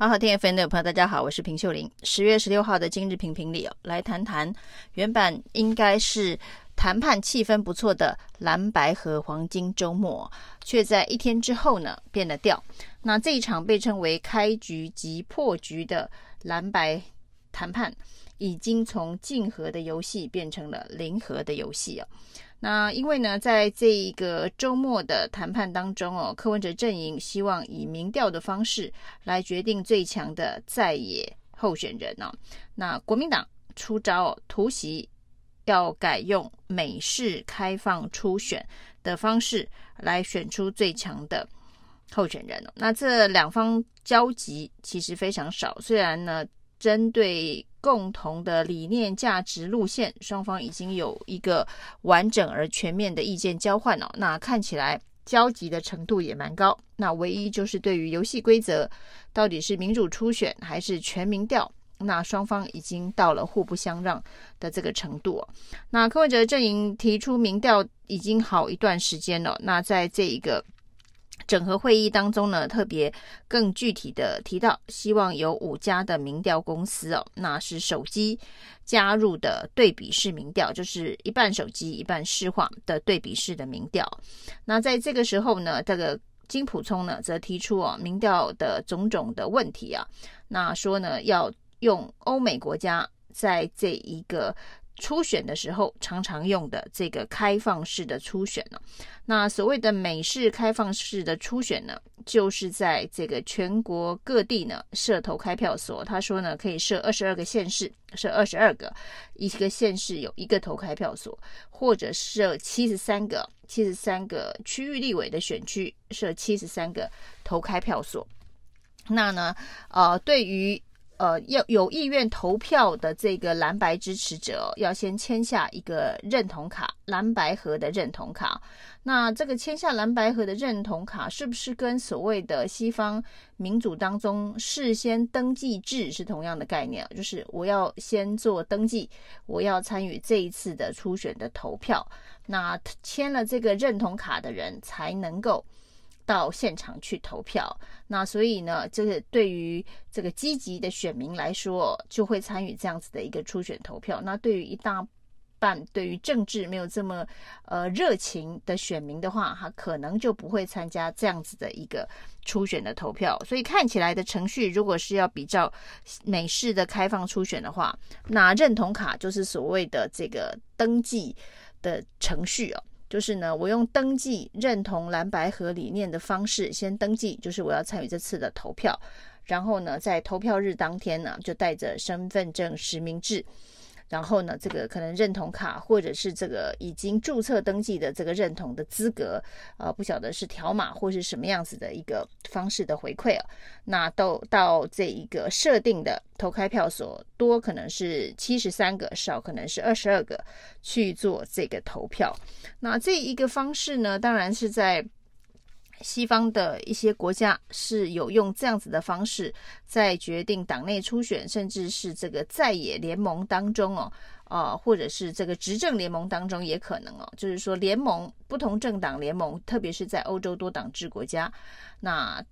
好好聽的朋友大家好，我是平秀玲。十月十六號的今日評評裡哦，來談談原本應該是談判氣氛不錯的藍白和黃金周末，卻在一天之後呢變了調。那這一場被稱為開局即破局的藍白談判，已經從競合的遊戲變成了零和的遊戲哦。那因為呢，在這一個周末的談判當中哦，柯文哲陣營希望以民調的方式來決定最強的在野候選人哦。那國民黨出招突襲要改用美式開放初選的方式來選出最強的候選人哦。那這兩方交集其實非常少，雖然呢。針對共同的理念、價值、路線，雙方已經有一個完整而全面的意見交換了。那看起來交集的程度也蠻高。那唯一就是對於遊戲規則，到底是民主初選還是全民調，那雙方已經到了互不相讓的這個程度。那柯文哲陣營提出民調已經好一段時間了。那在這一個。整合會議當中呢，特別更具體的提到，希望有五家的民調公司哦，那是手機加入的對比式民調，就是一半手機一半市話的對比式的民調。那在這個時候呢，這個金溥聰呢，則提出哦，民調的種種的問題啊，那說呢要用歐美國家在這一個。初選的時候，常常用的這個開放式的初選呢、啊，那所謂的美式開放式的初選呢，就是在這個全國各地呢設投開票所。他說呢，可以設二十二個縣市，設二十二個，一個縣市有一個投開票所，或者設七十三個，七十三個區域立委的選區設七十三個投開票所。那呢，呃，對於。呃，要有意願投票的這個藍白支持者，要先簽下一個認同卡，藍白合的認同卡。那這個簽下藍白合的認同卡，是不是跟所謂的西方民主當中事先登記制是同樣的概念？就是我要先做登記，我要參與這一次的初選的投票。那簽了這個認同卡的人，才能夠，到現場去投票，那所以呢，就是對於這個積極的選民來說，就會參與這樣子的一個初選投票。那對於一大半對於政治沒有這麼呃熱情的選民的話，他可能就不會參加這樣子的一個初選的投票。所以看起來的程序，如果是要比較美式的開放初選的話，那認同卡就是所謂的這個登記的程序哦。就是呢，我用登記認同藍白合理念的方式，先登記，就是我要參與這次的投票，然後呢，在投票日當天呢，就帶着身份證實名制。然後呢，這個可能認同卡，或者是這個已經註冊登記的這個認同的資格，呃，不曉得是條碼或是什麼樣子的一個方式的回饋啊。那到到這一個設定的投開票所，多可能是七十三個，少可能是二十二個，去做這個投票。那這一個方式呢，當然是在。西方的一些國家是有用這樣子的方式，在決定黨內初選，甚至是這個在野聯盟當中哦，啊、呃，或者是這個執政聯盟當中也可能哦，就是說聯盟，不同政黨聯盟，特別是在歐洲多黨制國家，那。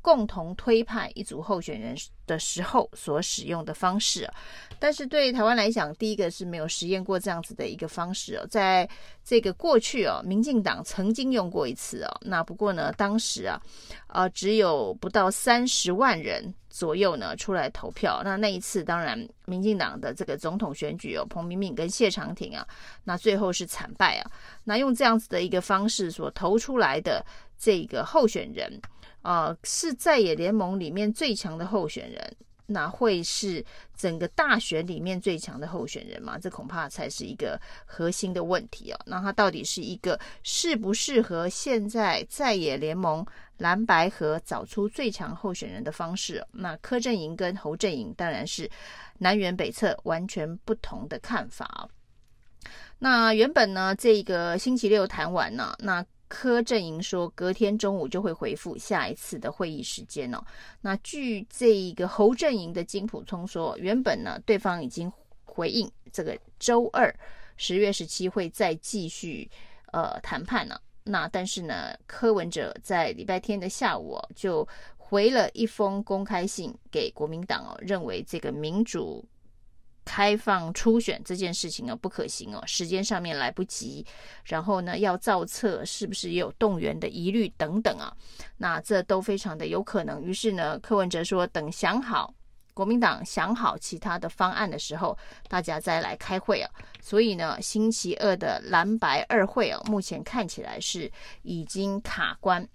共同推派一組候選人的時候所使用的方式、啊，但是對台灣來講，第一個是沒有實驗過這樣子的一個方式哦、啊。在這個過去哦、啊，民進黨曾經用過一次哦、啊，那不過呢，當時啊，呃，只有不到三十萬人左右呢出來投票。那那一次當然，民進黨的這個總統選舉哦，彭明敏跟謝長廷啊，那最後是慘敗啊。那用這樣子的一個方式所投出來的這個候選人。啊，是在野聯盟裡面最強的候選人，那會是整個大選裡面最強的候選人嗎？這恐怕才是一個核心的問題哦。那他到底是一個適不適合現在在野聯盟藍白合找出最強候選人的方式、哦？那柯陣營跟侯陣營當然是南轅北轍，完全不同的看法。那原本呢，這個星期六談完了、啊，那。柯陣營說，隔天中午就會回復下一次的會議時間哦。那據這一個侯陣營的金溥聰說，原本呢，對方已經回應這個周二十月十七會再繼續呃談判了。那但是呢，柯文哲在禮拜天的下午就回了一封公開信給國民黨哦，認為這個民主。開放初選這件事情哦，不可行哦，時間上面來不及，然後呢，要造冊，是不是也有動員的疑慮等等啊？那這都非常的有可能。於是呢，柯文哲說，等想好國民黨想好其他的方案的時候，大家再來開會啊。所以呢，星期二的藍白二會啊，目前看起來是已經卡關。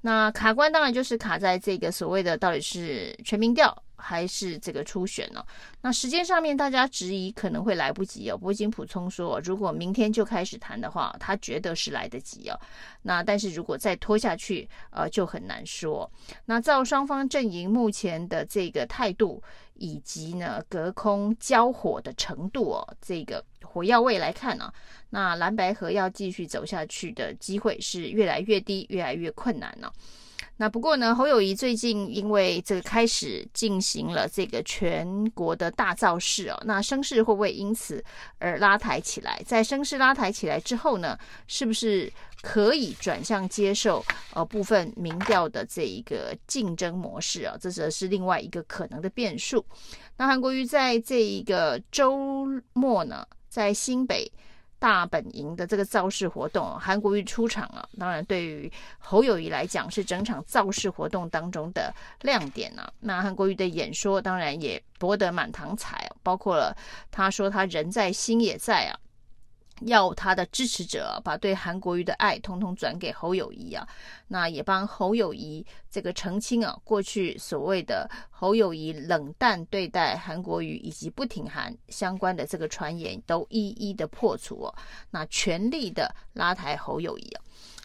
那卡關當然就是卡在這個所謂的到底是全民調。還是這個初選呢、哦？那時間上面大家質疑可能會來不及哦。波金溥聰說，如果明天就開始談的話，他覺得是來得及哦。那但是如果再拖下去，呃，就很難說。那照雙方陣營目前的這個態度，以及呢隔空交火的程度哦，這個火藥味來看呢、啊，那藍白合要繼續走下去的機會是越來越低，越來越困難了、哦。那不過呢，侯友宜最近因為這個開始進行了這個全國的大造勢哦，那聲勢會不會因此而拉抬起來？在聲勢拉抬起來之後呢，是不是可以轉向接受呃部分民調的這一個競爭模式啊？這則是另外一個可能的變數。那韓國瑜在這一個周末呢，在新北。大本營的這個造勢活動啊，韓國瑜出場啊，當然對於侯友宜來講是整場造勢活動當中的亮點啊。那韓國瑜的演說當然也博得滿堂彩啊，包括了他說他人在心也在啊。要他的支持者把對韓國瑜的愛統統轉給侯友宜啊，那也幫侯友宜這個澄清啊，過去所謂的侯友宜冷淡對待韓國瑜以及不挺韓相關的這個傳言都一一的破除啊，那全力的拉抬侯友宜啊。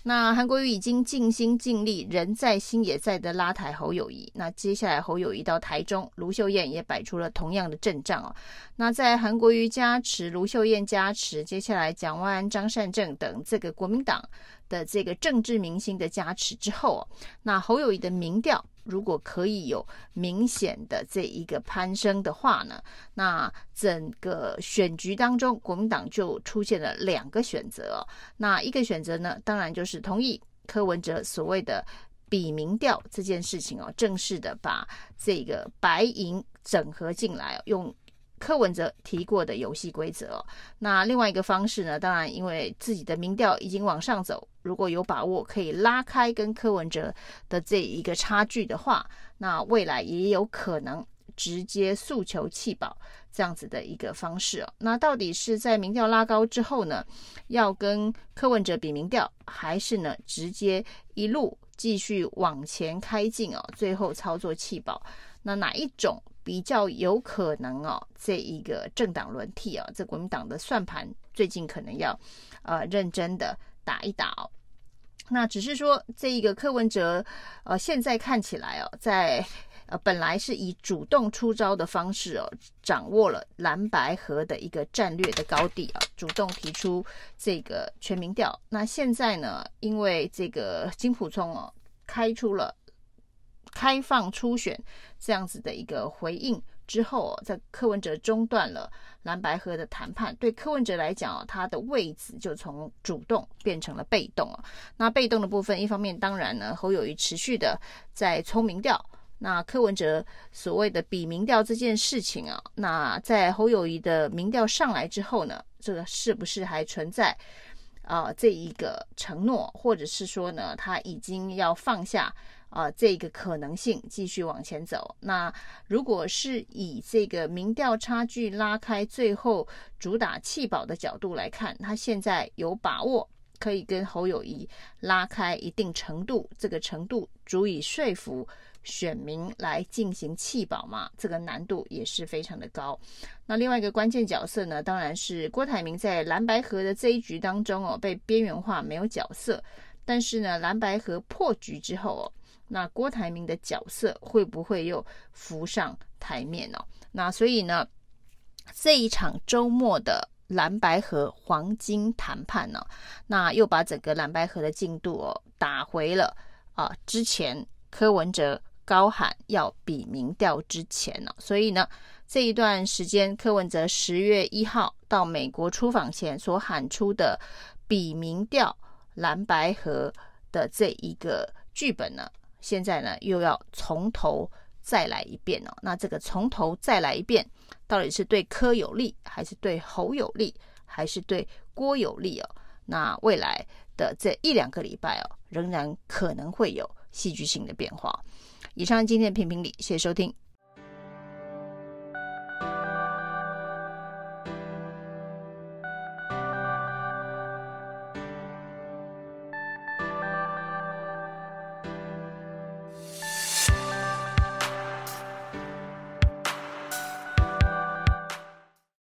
那韓國瑜已經盡心盡力，人在心也在的拉抬侯友宜。那接下來侯友宜到台中，盧秀燕也擺出了同樣的陣仗哦。那在韓國瑜加持，盧秀燕加持，接下來蔣萬安、張善政等這個國民黨。的這個政治明星的加持之後，啊，那侯友宜的民調如果可以有明顯的這一個攀升的話呢，那整個選局當中，國民黨就出現了兩個選擇，啊。那一個選擇呢，當然就是同意柯文哲所謂的比民調這件事情哦，啊，正式的把這個白銀整合進來，用。柯文哲提過的遊戲規則哦，那另外一個方式呢，當然，因為自己的民調已經往上走，如果有把握可以拉開跟柯文哲的這一個差距的話，那未來也有可能直接訴求棄保這樣子的一個方式哦。那到底是在民調拉高之後呢，要跟柯文哲比民調，還是呢直接一路繼續往前開進哦，最後操作棄保，那哪一種比較有可能哦，這一個政黨輪替啊、哦，這國民黨的算盤最近可能要呃認真的打一打哦。那只是說這一個柯文哲呃現在看起來哦，在呃本來是以主動出招的方式哦，掌握了藍白合的一個戰略的高地啊，主動提出這個全民調。那現在呢，因為這個金溥聰哦開出了。開放初選這樣子的一個回應之後，哦，在柯文哲中斷了藍白合的談判，對柯文哲來講，哦、他的位置就從主動變成了被動了，那被動的部分，一方面當然呢，侯友宜持續的在衝民調，那柯文哲所謂的比民調這件事情啊，那在侯友宜的民調上來之後呢，這個是不是還存在？啊，這一個承諾，或者是說呢，他已經要放下啊，這個可能性繼續往前走。那如果是以這個民調差距拉開，最後主打棄保的角度來看，他現在有把握可以跟侯友宜拉開一定程度，這個程度足以說服。選民來進行棄保嘛，這個難度也是非常的高。那另外一個關鍵角色呢，當然是郭台銘在藍白合的這一局當中哦，被邊緣化，沒有角色。但是呢，藍白合破局之後哦，那郭台銘的角色會不會又浮上檯面呢、哦？那所以呢，這一場周末的藍白合黃金談判呢、哦，那又把整個藍白合的進度哦打回了啊，之前柯文哲，高喊要比民調之前呢、哦，所以呢，這一段時間柯文哲十月一號到美國出訪前所喊出的比民調藍白合」的這一個劇本呢，現在呢又要從頭再來一遍、哦、那這個從頭再來一遍，到底是對柯有利，還是對侯有利，還是對郭有利哦？那未來的這一兩個禮拜哦，仍然可能會有戲劇性的變化。以上今天的品評評理，謝謝收聽。